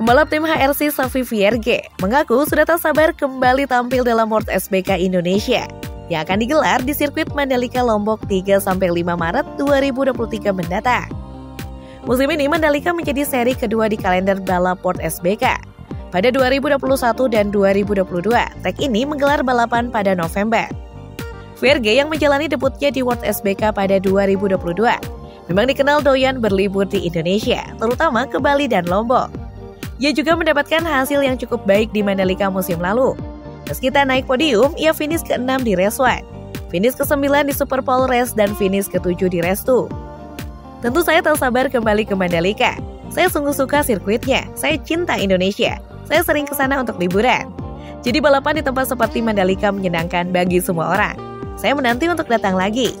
Pembalap tim HRC Safi Vierge mengaku sudah tak sabar kembali tampil dalam World SBK Indonesia yang akan digelar di sirkuit Mandalika Lombok 3-5 Maret 2023 mendatang. Musim ini Mandalika menjadi seri kedua di kalender balap World SBK. Pada 2021 dan 2022, trek ini menggelar balapan pada November. Virge yang menjalani debutnya di World SBK pada 2022, memang dikenal doyan berlibur di Indonesia, terutama ke Bali dan Lombok. Ia juga mendapatkan hasil yang cukup baik di Mandalika musim lalu. Meski tak naik podium, ia finish ke-6 di race 1, finish ke-9 di Super Pole Race, dan finish ke-7 di race 2. Tentu saya tak sabar kembali ke Mandalika. Saya sungguh suka sirkuitnya, saya cinta Indonesia. Saya sering ke sana untuk liburan. Jadi balapan di tempat seperti Mandalika menyenangkan bagi semua orang. Saya menanti untuk datang lagi.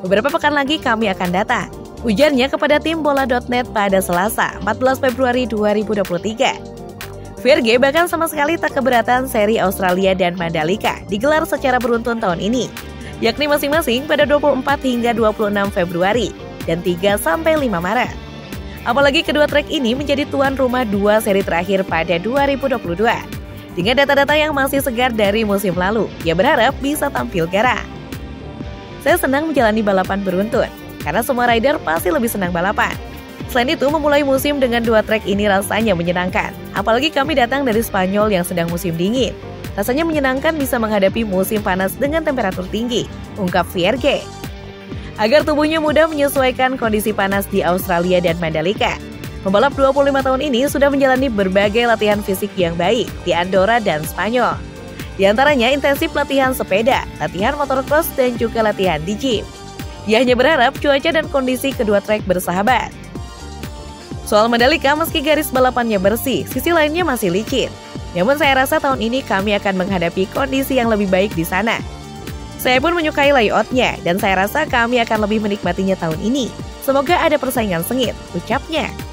Beberapa pekan lagi kami akan datang. Ujarnya kepada tim bola.net pada Selasa, 14 Februari 2023. Virge bahkan sama sekali tak keberatan seri Australia dan Mandalika digelar secara beruntun tahun ini, yakni masing-masing pada 24 hingga 26 Februari dan 3 sampai 5 Maret. Apalagi kedua trek ini menjadi tuan rumah dua seri terakhir pada 2022. Dengan data-data yang masih segar dari musim lalu, ia berharap bisa tampil gara. Saya senang menjalani balapan beruntun, karena semua rider pasti lebih senang balapan. Selain itu, memulai musim dengan dua trek ini rasanya menyenangkan. Apalagi kami datang dari Spanyol yang sedang musim dingin. Rasanya menyenangkan bisa menghadapi musim panas dengan temperatur tinggi, ungkap VRG. Agar tubuhnya mudah menyesuaikan kondisi panas di Australia dan Mandalika, pembalap 25 tahun ini sudah menjalani berbagai latihan fisik yang baik di Andorra dan Spanyol. Di antaranya intensif latihan sepeda, latihan motocross, dan juga latihan di gym. Ia hanya berharap cuaca dan kondisi kedua trek bersahabat. Soal Mandalika, meski garis balapannya bersih, sisi lainnya masih licin. Namun saya rasa tahun ini kami akan menghadapi kondisi yang lebih baik di sana. Saya pun menyukai layoutnya dan saya rasa kami akan lebih menikmatinya tahun ini. Semoga ada persaingan sengit, ucapnya.